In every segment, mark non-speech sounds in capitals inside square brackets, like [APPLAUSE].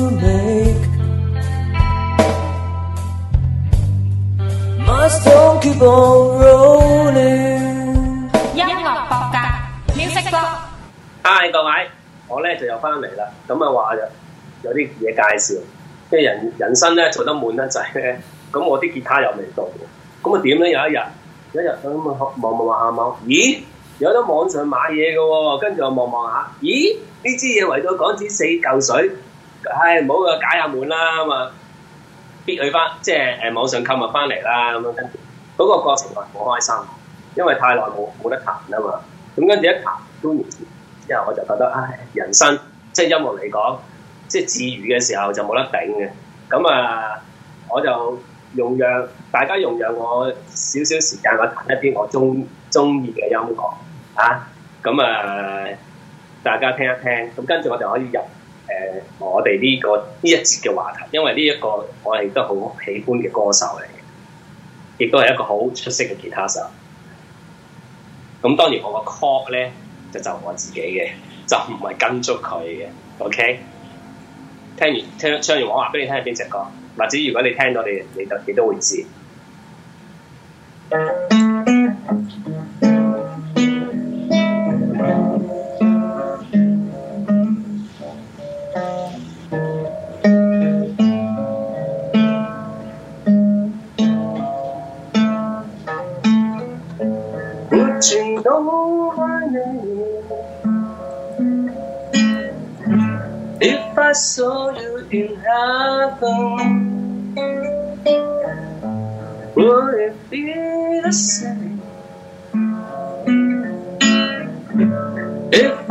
音樂博格，Music Blog，Hi 各位，我咧就又翻嚟啦。咁啊話有有啲嘢介紹，即係人人生咧做得悶得滯咧。咁、 [LAUGHS] 嗯、我啲吉他又未到，咁啊點咧？有一日，有一日咁啊望望下望，咦，有得網上買嘢嘅喎。跟住我望望下，咦，呢支嘢圍咗港紙四嚿水。唉，唔好啊，解下悶啦咁啊，逼佢返，即係誒網上購物返嚟啦咁樣。嗰個過程我係好開心，因為太耐冇冇得彈啊嘛。咁跟住一彈多年之後，我就覺得唉、哎，人生即係音樂嚟講，即係自娛嘅時候就冇得頂嘅。咁、嗯、啊，我就用讓大家用讓我少少時間，去彈一啲我中中意嘅音樂啊。咁、嗯、啊，大家聽一聽。咁、嗯、跟住我就可以入。誒、呃，我哋呢、這個呢一節嘅話題，因為呢一個我係都好喜歡嘅歌手嚟嘅，亦都係一個好出色嘅結他手。咁、嗯、當然我個 call 咧就就我自己嘅，就唔係跟足佢嘅。OK，聽完聽唱完我話俾你聽係邊隻歌，或者如果你聽到你你都你都會知。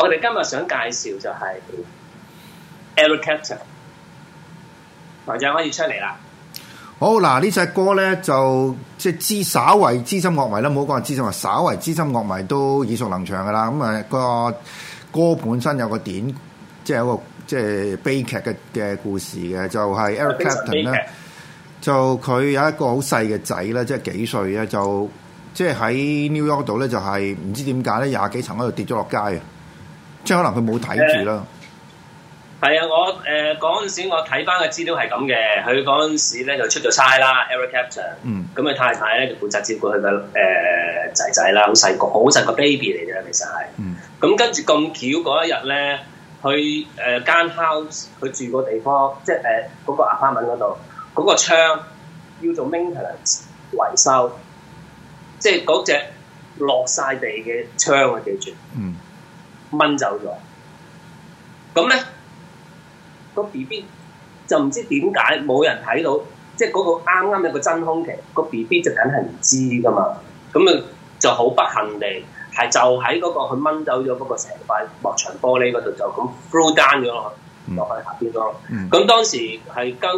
我哋今日想介紹就係 Eric Clapton 可以出嚟啦。好嗱，呢隻歌咧就即係知稍為資深樂迷啦。唔好講話資深話稍為資深樂迷都耳熟能詳噶啦。咁、嗯、啊、這個歌本身有個點，即係有個即係悲劇嘅嘅故事嘅，就係 Eric Clapton 咧。就佢有一個好細嘅仔咧，即係幾歲咧？就即係喺 New York 度咧，就係、是、唔知點解咧，廿幾層嗰度跌咗落街啊！即係可能佢冇睇住啦。係啊，我誒嗰陣時我睇翻個資料係咁嘅，佢嗰陣時咧就出咗差啦，Eric Clapton。Captain, 嗯。咁佢太太咧就負責照顧佢嘅誒仔仔啦，好細個，好細個 baby 嚟嘅，其實係。嗯。咁、嗯、跟住咁巧嗰一日咧，去誒間 house 佢住個地方，即係誒嗰個 apartment 嗰度嗰個窗要做 maintenance 維修，即係嗰隻落晒地嘅窗啊！我記住。嗯。掹走咗，咁咧個 B B 就唔知點解冇人睇到，即係嗰個啱啱一個真空期，個 B B 就梗係唔知噶嘛，咁啊就好不幸地係就喺嗰、那個佢掹走咗嗰個成塊幕牆玻璃嗰度，就咁 fall down 咗落去下邊咗。咁、嗯、當時係跟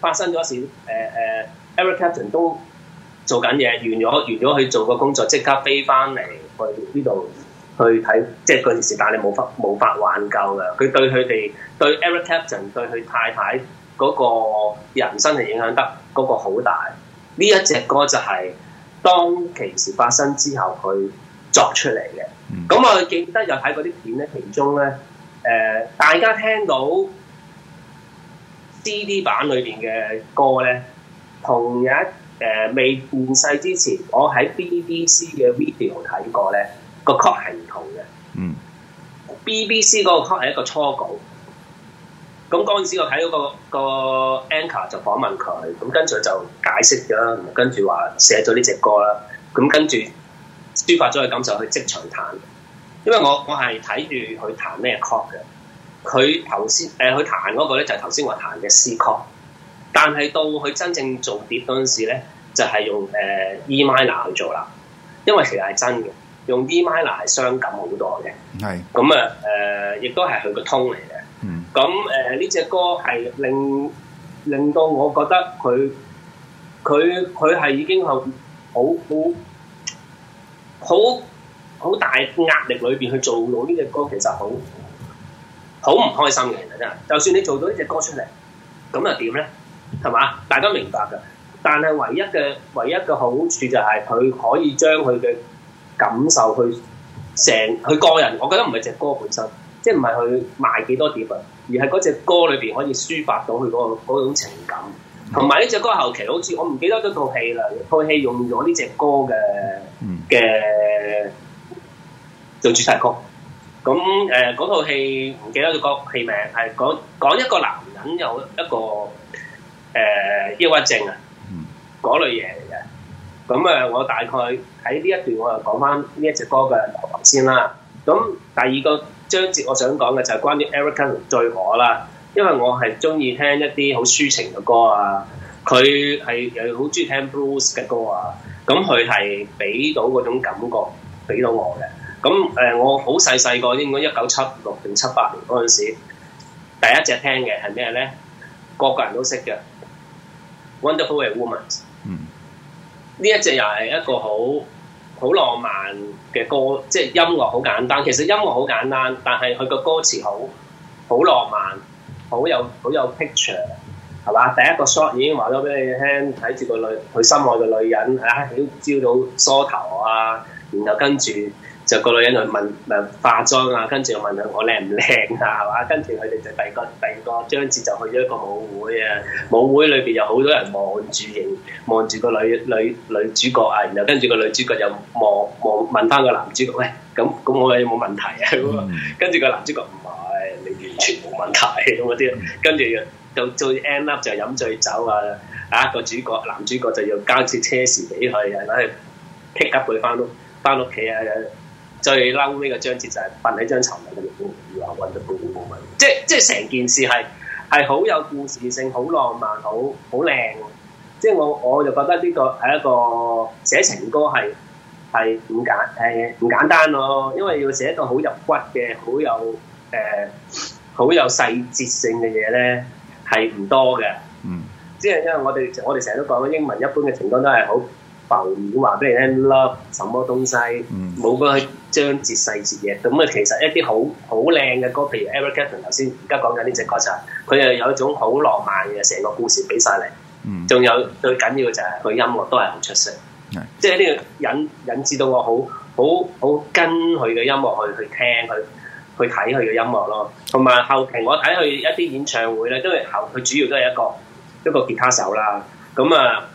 發生咗事，誒誒 Eric Clapton 都做緊嘢，完咗完咗去做個工作，即刻飛翻嚟去呢度。去睇即係嗰件事，但係冇法冇法挽救嘅。佢對佢哋對 Eric Clapton 對佢太太嗰個人生係影響得嗰個好大。呢一隻歌就係當其時發生之後佢作出嚟嘅。咁、嗯、我記得又睇嗰啲片咧，其中咧誒、呃、大家聽到 CD 版裏邊嘅歌咧，同一誒、呃、未故世之前，我喺 BBC 嘅 video 睇過咧。個曲係唔同嘅，嗯，B B C 嗰個曲係一個初稿，咁嗰陣時我睇嗰、嗰個、嗰個 anchor 就訪問佢，咁跟住就解釋咗，跟住話寫咗呢隻歌啦，咁跟住抒發咗佢感受去即場彈，因為我我係睇住佢彈咩曲嘅，佢頭先誒佢彈嗰個咧就係頭先我彈嘅 C 曲，但係到佢真正做碟嗰陣時咧就係、係、用誒、呃、E minor 去做啦，因為其實係真嘅。用 E minor 係傷感好多嘅，係咁是啊，誒、呃，亦都係佢嘅 tone 嚟嘅。咁誒呢隻歌係令令到我覺得佢佢佢係已經係好好好好大壓力裏邊去做到呢隻歌，其實好好唔開心嘅，真係。就算你做到呢隻歌出嚟，咁又點咧？係嘛？大家明白㗎。但係唯一嘅唯一嘅好處就係佢可以將佢嘅感受去成佢個人，我覺得唔係隻歌本身，即係唔係佢賣幾多碟啊，而係嗰隻歌裏邊可以抒發到佢嗰個種情感。同埋呢隻歌後期好似我唔記得咗套戲啦，套戲用咗呢隻歌嘅嘅做主題曲。咁誒，嗰、呃、套戲唔記得咗個戲名，係講講一個男人有一個誒、呃、抑鬱症啊，嗰、嗯、類嘢嚟嘅。咁誒、嗯，我大概喺呢一段我就講翻呢一隻歌嘅流先啦。咁、嗯、第二個章節我想講嘅就係關於 Eric Clapton 醉我啦，因為我係中意聽一啲好抒情嘅歌啊。佢係又好中意聽 blues 嘅歌啊。咁佢係俾到嗰種感覺，俾到我嘅。咁、嗯、誒、嗯，我好細細個應該一九七六定七八年嗰陣時，第一隻聽嘅係咩咧？個個人都識嘅《Wonderful Woman》。呢一隻又係一個好好浪漫嘅歌，即係音樂好簡單，其實音樂好簡單，但係佢個歌詞好好浪漫，好有好有 picture，係嘛？第一個 shot 已經話咗俾你聽，睇住個女佢心愛嘅女人，啊都朝早梳頭啊，然後跟住。就個女人去問，化妝啊，跟住又問下我靚唔靚啊，係嘛？跟住佢哋就第二個第二個章節就去咗一個舞會啊，舞會裏邊有好多人望住認，望住個女女女主角啊，然後跟住個女主角又望望問翻個男主角，喂、欸，咁咁我有冇問題啊？跟住個男主角唔係，你完全冇問題咁嗰啲，跟住又做做 end up 就飲醉酒啊，啊個主角男主角就要交啲車匙俾佢，啊，攞去 pick up 佢翻屋翻屋企啊～最嬲呢個章節就係瞓喺張床度，嘅老公，而話揾咗高官高民，即係即係成件事係係好有故事性、好浪漫、好好靚。即係我我就覺得呢個係一個寫情歌係係唔簡係唔簡單咯，因為要寫一個好入骨嘅、好有誒好、呃、有細節性嘅嘢咧，係唔多嘅。嗯，即係因為我哋我哋成日都講緊英文，一般嘅情歌都係好。浮面話俾你聽 love 什麼東西冇去，mm hmm. 將節細節嘢咁啊！其實一啲好好靚嘅歌，譬如 Eric Clapton 頭先而家講緊呢隻歌就係佢啊，有一種好浪漫嘅成個故事俾晒你。仲、mm hmm. 有最緊要就係佢音樂都係好出色，係即係呢個引引，引致到我好好好跟佢嘅音樂去去聽佢去睇佢嘅音樂咯。同埋後期我睇佢一啲演唱會咧，都係後佢主要都係一個一個結他手啦，咁啊。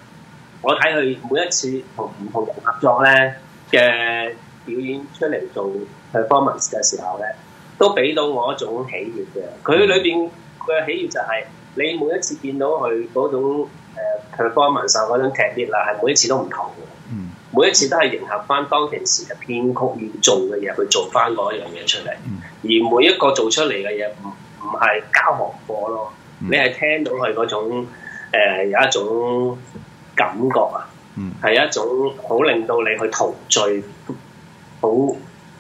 我睇佢每一次同唔同人合作咧嘅表演出嚟做 performance 嘅時候咧，都俾到我一種喜悅嘅。佢裏邊佢嘅喜悅就係、是、你每一次見到佢嗰種、呃、performance 嗰種劇烈啦，係每一次都唔同嘅。嗯，每一次都係迎合翻當其時嘅編曲要做嘅嘢去做翻嗰一樣嘢出嚟。嗯、而每一個做出嚟嘅嘢唔唔係交學課咯，嗯、你係聽到佢嗰種、呃、有一種。感覺啊，係一種好令到你去陶醉，好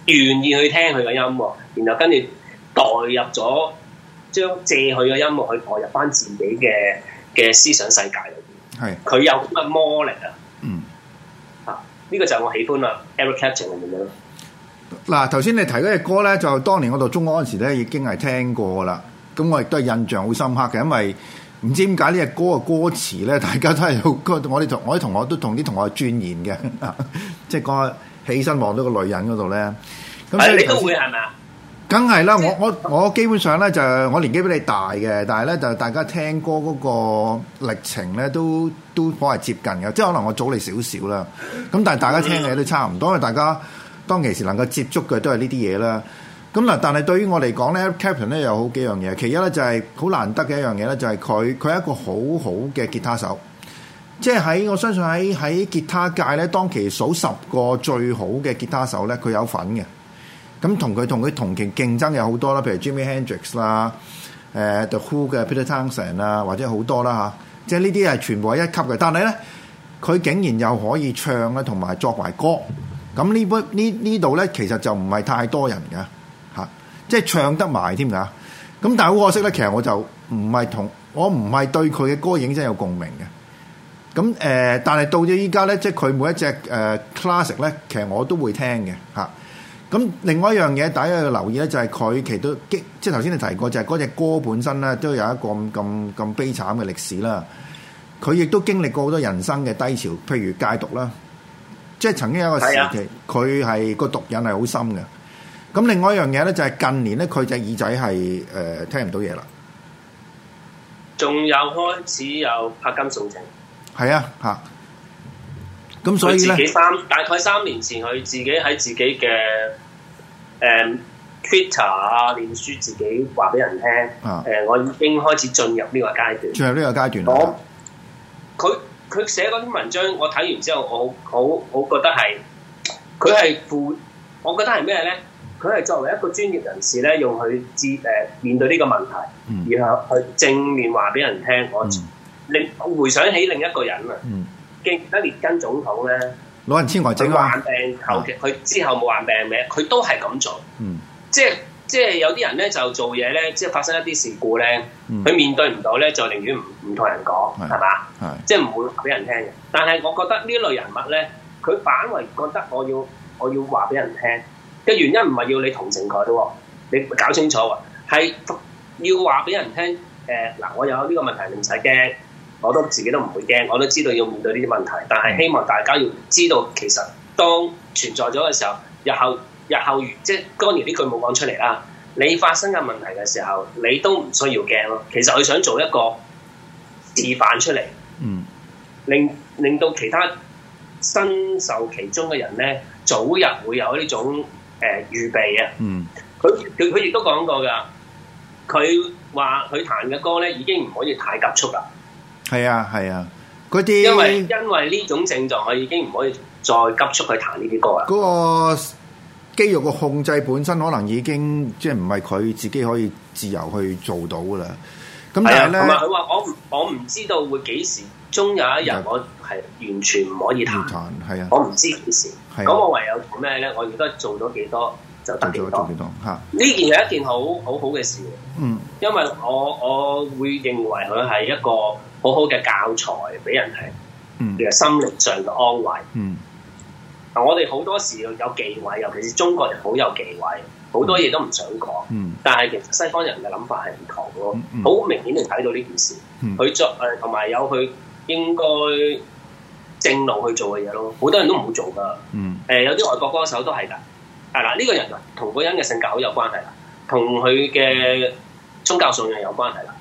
願意去聽佢嘅音樂，然後跟住代入咗，將借佢嘅音樂去代入翻自己嘅嘅思想世界裏邊。係是，佢有咁嘅魔力、嗯、啊。嗯，啊，呢個就係我喜歡啦。Eric Clapton 嘅嘢咯。嗱，頭先、啊、你提嗰隻歌咧，就當年我讀中五嗰陣時咧，已經係聽過噶啦。咁我亦都係印象好深刻嘅，因為。唔知點解呢隻歌嘅歌詞咧，大家都係我哋同我啲同學都同啲同學鑽研嘅，即係講起身望到個女人嗰度咧。咁所以你都會係嘛？梗係啦，我我我基本上咧就我年紀比你大嘅，但係咧就大家聽歌嗰個歷程咧都都可係接近嘅，即係可能我早你少少啦。咁但係大家聽嘅都差唔多，因為大家當其時能夠接觸嘅都係呢啲嘢啦。咁嗱，但係對於我嚟講咧，Clapton 咧有好幾樣嘢。其一咧就係、是、好難得嘅一樣嘢咧，就係佢佢係一個好好嘅結他手，即係喺我相信喺喺結他界咧，當期數十個最好嘅結他手咧，佢有份嘅。咁同佢同佢同期競爭有好多、呃、多啦，譬如 Jimmy Hendrix 啦、誒 The Who 嘅 Peter Townsend 啊，或者好多啦嚇。即係呢啲係全部係一級嘅，但係咧佢竟然又可以唱咧，同埋作為歌。咁呢呢呢呢度咧，其實就唔係太多人嘅。即係唱得埋添㗎，咁但係好可惜咧。其實我就唔係同，我唔係對佢嘅歌影真係有共鳴嘅。咁誒，但係、呃、到咗依家咧，即係佢每一隻誒 classic 咧，其實我都會聽嘅嚇。咁、啊、另外一樣嘢，大家要留意咧，就係、是、佢其實都即係頭先你提過，就係嗰隻歌本身咧，都有一個咁咁咁悲慘嘅歷史啦。佢亦都經歷過好多人生嘅低潮，譬如戒毒啦，即係曾經有一個時期，佢係個毒癮係好深嘅。咁另外一樣嘢咧，就係、是、近年咧，佢隻耳仔係誒聽唔到嘢啦。仲有開始有柏金遜症。係啊，嚇、啊！咁所以咧，自己三大概三年前，佢自己喺自己嘅誒、呃、Twitter 啊，臉書自己話俾人聽。啊、呃，我已經開始進入呢個階段。進入呢個階段。我佢佢、啊、寫嗰篇文章，我睇完之後，我好好好覺得係佢係負，我覺得係咩咧？佢係作為一個專業人士咧，用佢知誒面對呢個問題，然後去正面話俾人聽。我令回想起另一個人啊，記得列根總統咧，老人痴呆症患病後期，佢之後冇患病咩？佢都係咁做。嗯，即係即係有啲人咧就做嘢咧，即係發生一啲事故咧，佢面對唔到咧，就寧願唔唔同人講，係嘛？即係唔會話俾人聽嘅。但係我覺得呢類人物咧，佢反為覺得我要我要話俾人聽。嘅原因唔係要你同情佢，你搞清楚喎，係要話俾人聽。誒、呃、嗱，我有呢個問題，你唔使驚，我都自己都唔會驚，我都知道要面對呢啲問題。但係希望大家要知道，其實當存在咗嘅時候，日後日後即係當年呢句冇講出嚟啦。你發生嘅問題嘅時候，你都唔需要驚咯。其實佢想做一個示範出嚟，嗯，令令到其他身受其中嘅人咧，早日會有呢種。誒、呃、預備啊！嗯，佢佢佢亦都講過㗎。佢話佢彈嘅歌咧，已經唔可以太急促啦。係啊，係啊，嗰啲因為因為呢種症狀，佢已經唔可以再急促去彈呢啲歌啦。嗰個肌肉嘅控制本身可能已經即係唔係佢自己可以自由去做到㗎啦。咁但係咧，佢話、啊、我我唔知道會幾時終有一日我。係完全唔可以談，係啊！我唔知件事。咁我唯有咩咧？我而家做咗幾多就得幾多。做幾多？嚇！呢件係一件好好好嘅事。嗯。因為我我會認為佢係一個好好嘅教材，俾人睇，即係心靈上嘅安慰。嗯。嗱，我哋好多時有忌諱，尤其是中國人好有忌諱，好多嘢都唔想講。但係其實西方人嘅諗法係唔同咯，好明顯你睇到呢件事。佢作誒同埋有佢應該。正路去做嘅嘢咯，好多人都唔會做噶。誒、嗯呃，有啲外國歌手都係㗎。係啦，呢個人同個人嘅性格好有關係啦，同佢嘅宗教信仰有關係啦。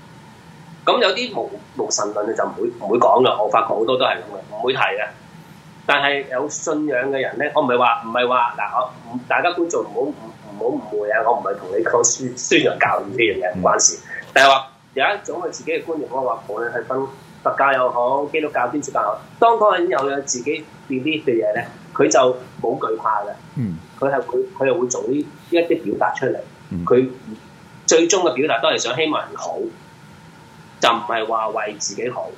咁有啲無無神論嘅就唔會唔會講㗎。我發覺好多都係咁嘅，唔會提嘅。但係有信仰嘅人咧，我唔係話唔係話嗱，我大家觀眾唔好唔好誤會啊！我唔係同你講宣宣揚教義呢樣嘢，唔關事。但係話有一種佢自己嘅觀念，我話我哋係分。佛教又好，基督教天主教又好，當個人有有自己別啲嘅嘢咧，佢就冇懼怕嘅。嗯，佢係會佢又會做呢一啲表達出嚟。佢、嗯、最終嘅表達都係想希望人好，就唔係話為自己好。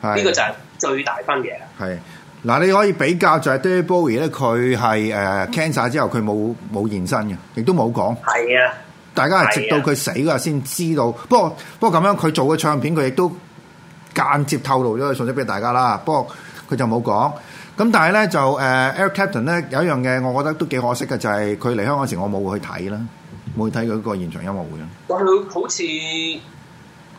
係呢、啊、個就係最大分別。係嗱、啊啊，你可以比較就係、是、David Bowie 咧，佢係誒 cancer 之後佢冇冇現身嘅，亦都冇講。係啊，大家係直到佢死嘅先知道。啊啊、不過不過咁樣佢做嘅唱片佢亦都。間接透露咗個信息俾大家啦，不過佢就冇講。咁但係咧就誒 Eric、呃、Clapton 咧有一樣嘢，我覺得都幾可惜嘅，就係佢嚟香港時，我冇去睇啦，冇去睇佢個現場音樂會但佢 [MUSIC] 好似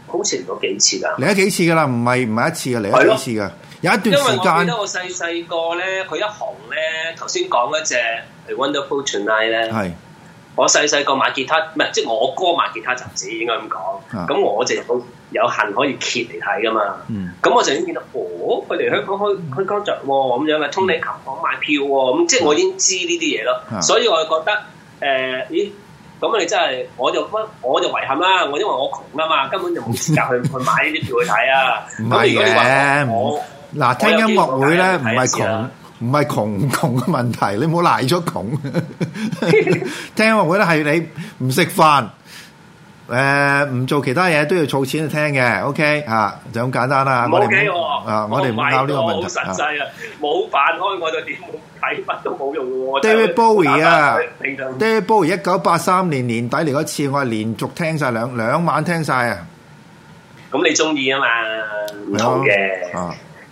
好似嚟咗幾次啊？嚟咗幾次噶啦？唔係唔係一次嘅，嚟咗幾次嘅。的有一段時間，因為記得我細細個咧，佢一行咧，頭先講嗰隻係 Wonderful Tonight 咧。係的我細細個買吉他，唔係即係我哥買吉他雜誌，應該咁講。咁我隻都。 [MUSIC] [MUSIC] 有恆可以揭嚟睇噶嘛？咁我就已經見到，哦，佢嚟香港開開工作喎，咁樣啊，通利琴行買票喎，咁即係我已經知呢啲嘢咯。所以我就覺得，誒，咦，咁你真係，我就我就遺憾啦，我因為我窮啊嘛，根本就冇資格去去買呢啲票去睇啊。唔係嘅，嗱，聽音樂會咧，唔係窮，唔係窮窮嘅問題，你唔好賴咗窮。聽音樂會咧係你唔食飯。誒，唔、呃、做其他嘢都要儲錢去聽嘅，OK 吓、啊，就咁簡單啦。我哋唔啊，我哋唔鬧呢個問題實際啊，冇扮、啊、開我就點睇乜都冇用嘅。David Bowie 啊，David Bowie 一九八三年年底嚟嗰次，我係連續聽晒兩兩晚聽晒啊。咁你中意啊嘛，好嘅，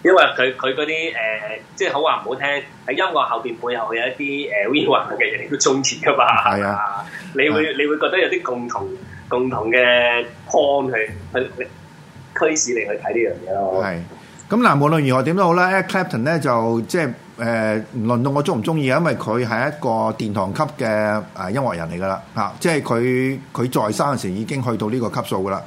因為佢佢嗰啲誒，即係好話唔好聽，喺音樂後邊背後有一啲誒 V 型嘅人都中意噶嘛。係啊，啊，啊，你會你會覺得有啲共同，共同嘅 point 去去驅使你去睇呢樣嘢咯，係咁嗱。無論如何點都好啦咧，Clapton 咧就即係誒，輪到我中唔中意啊？因為佢係一個殿堂級嘅誒音樂人嚟噶啦，吓、啊，即係佢佢在生嘅時候已經去到呢個級數噶啦。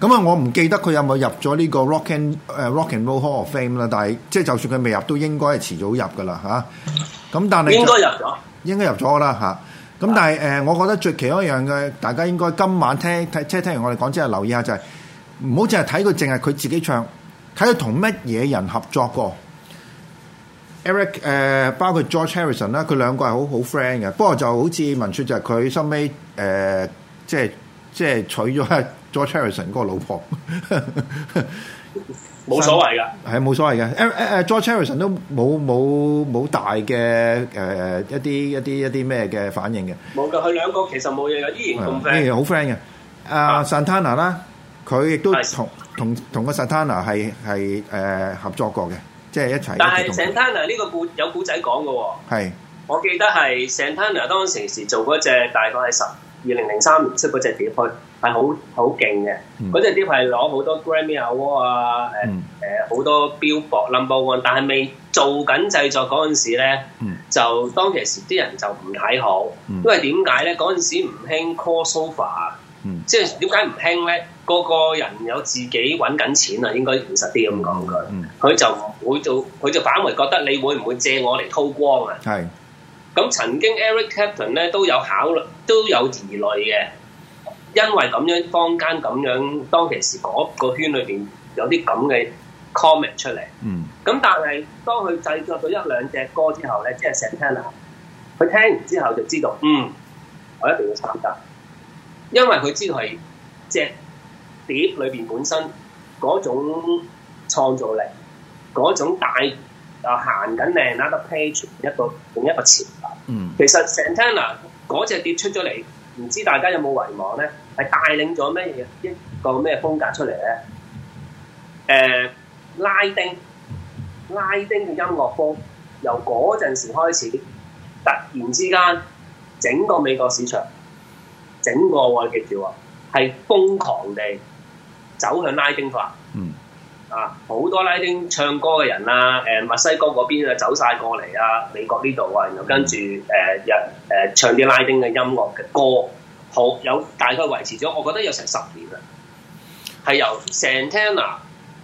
咁啊，我唔記得佢有冇入咗呢個 Rock and 誒、啊、Rock and Roll Hall of Fame 啦、啊。但係即係就算佢未入，都應該係遲早入噶啦吓。咁、啊啊、但係應該入咗，應該入咗啦吓。啊啊咁、嗯、但係誒、呃，我覺得最奇一樣嘅，大家應該今晚聽聽，即聽完我哋講之後留意下，就是，就係唔好淨係睇佢，淨係佢自己唱，睇佢同乜嘢人合作過。Eric 誒、呃，包括 George Harrison 啦，佢兩個係好好 friend 嘅。不過就好似文卓就佢收尾誒，即係即係娶咗 George Harrison 嗰個老婆。 [LAUGHS] 冇所謂噶，係冇所謂嘅。誒誒誒，George Harrison 都冇冇冇大嘅誒一啲一啲一啲咩嘅反應嘅。冇噶，佢兩個其實冇嘢噶，依然咁 friend，依然好 friend 嘅。阿 Santana 啦，佢亦都同同同個 Santana 係係誒合作過嘅，即係一齊。但係 Santana 呢個故有古仔講嘅，係我記得係 Santana 當時時做嗰隻大概係什。二零零三年出嗰隻碟片係好好勁嘅，嗰隻、嗯、碟片攞好多 Grammy Award 啊，誒誒好多 Billboard Number One，但係未做緊製作嗰陣時咧，嗯、就當其時啲人就唔睇好，嗯、因為點解咧？嗰陣時唔興 crossover，即係點解唔興咧？個個人有自己揾緊錢啊，應該現實啲咁講句，佢、嗯嗯、就唔會做，佢就反為覺得你會唔會借我嚟叨光啊？係是，咁曾經 Eric Clapton 咧都有考慮。都有疑慮嘅，因為咁樣坊間咁樣當其時嗰個圈裏邊有啲咁嘅 comment 出嚟，咁、嗯、但係當佢製作咗一兩隻歌之後咧，即係 Santana，佢聽完之後就知道，嗯，我一定要參加，因為佢知道係隻碟裏邊本身嗰種創造力，嗰種大啊行緊靚，拉到 page 一個另一個前排，嗯、其實 Santana。嗰隻碟出咗嚟，唔知大家有冇遺忘呢？係帶領咗咩一個咩風格出嚟呢？呃，拉丁拉丁嘅音樂風，由嗰陣時開始，突然之間整個美國市場，整個外匯市場係瘋狂地走向拉丁化。啊！好多拉丁唱歌嘅人啦，誒墨西哥嗰邊啊走晒過嚟啊，美國呢度啊，然後跟住誒日誒唱啲拉丁嘅音樂嘅歌，好有大概維持咗，我覺得有成十年啦，係由 Santana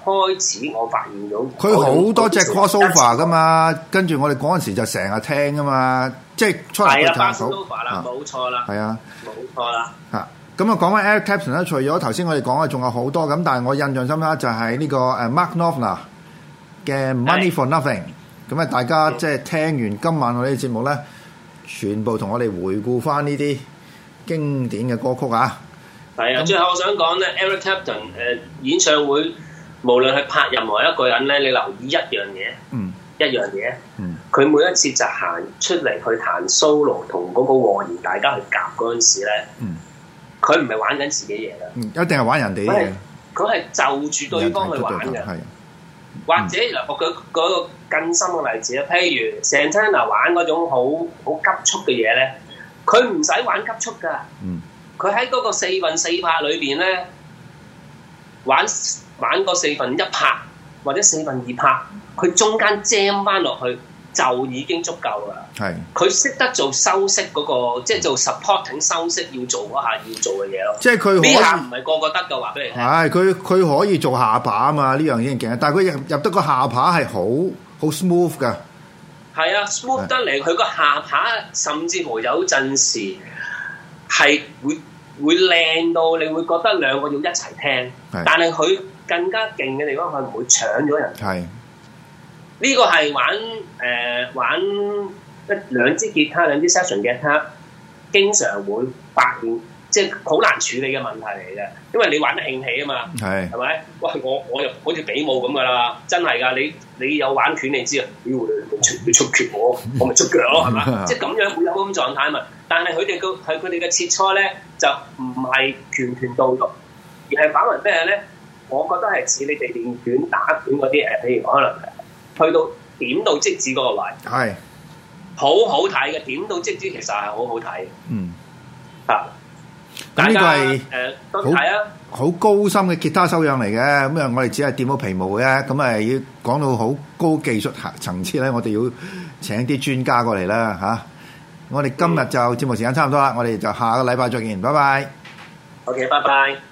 開始，我發現到佢、嗯、好多隻 call so far 噶嘛，跟住我哋嗰陣時就成日聽啊嘛，即係出嚟。啦，班 quasar、啊、啦，冇錯啦，係啊，冇錯啦，吓。咁啊，講緊 Eric Clapton 咧，除咗頭先我哋講嘅，仲有好多咁，但係我印象深刻，就係呢個誒 Mark Knopfler 嘅 Money for Nothing。咁啊，大家即係聽完今晚我哋嘅節目咧，全部同我哋回顧翻呢啲經典嘅歌曲啊。係啊，最後我想講咧，Eric Clapton 誒演唱會，無論係拍任何一個人咧，你留意一樣嘢，嗯，一樣嘢，嗯，佢每一次就行出嚟去彈 solo 同嗰個和弦，大家去夾嗰陣時咧，嗯。佢唔係玩緊自己嘢啦，嗯，一定係玩人哋嘅嘢。佢係就住對方去玩嘅，或者嗱，我舉嗰個更深嘅例子啦。譬如 Santana 嗱，玩嗰種好好急促嘅嘢咧，佢唔使玩急速噶，嗯，佢喺嗰個四分四拍裏邊咧，玩玩嗰四分一拍或者四分二拍，佢中間 jam 翻落去。就已經足夠啦。係，是，佢識得做修飾嗰個，即係做 supporting 修飾要做嗰下要做嘅嘢咯。即係佢好，下唔係個個得噶，話俾你聽。佢佢、哎、可以做下巴啊嘛，呢樣嘢已經勁。但係佢入，入、啊、得是個下巴係好好 smooth 嘅。係啊，smooth 得嚟，佢個下巴甚至乎有陣時係會會靚到你會覺得兩個要一齊聽。是但係佢更加勁嘅地方，佢唔會搶咗人。係。呢個係玩誒、呃、玩一兩支吉他兩支 session 嘅吉他，經常會發現即係好難處理嘅問題嚟嘅，因為你玩得興起啊嘛，係係咪？哇！我我又好似比武咁噶啦，真係㗎！你你有玩拳你知啊，咦、哎！你出拳我我咪出腳咯，係嘛？ [LAUGHS] 即係咁樣會有咁狀態嘛？但係佢哋嘅係佢哋嘅切磋咧，就唔係拳拳到肉，而係反為咩咧？我覺得係似你哋練拳打拳嗰啲誒，譬、呃、如可能。去到點到即止嗰個位，係的好好睇嘅。點到即止其實係好好睇。嗯，吓、啊，但係呢個係誒，是呃啊、好好高深嘅結他修養嚟嘅。咁樣我哋只係掂到皮毛嘅，咁啊要講到好高技術層層次咧，我哋要請啲專家過嚟啦，吓、啊。我哋今日就節、嗯、目時間差唔多啦，我哋就下個禮拜再見，拜拜。OK，拜拜。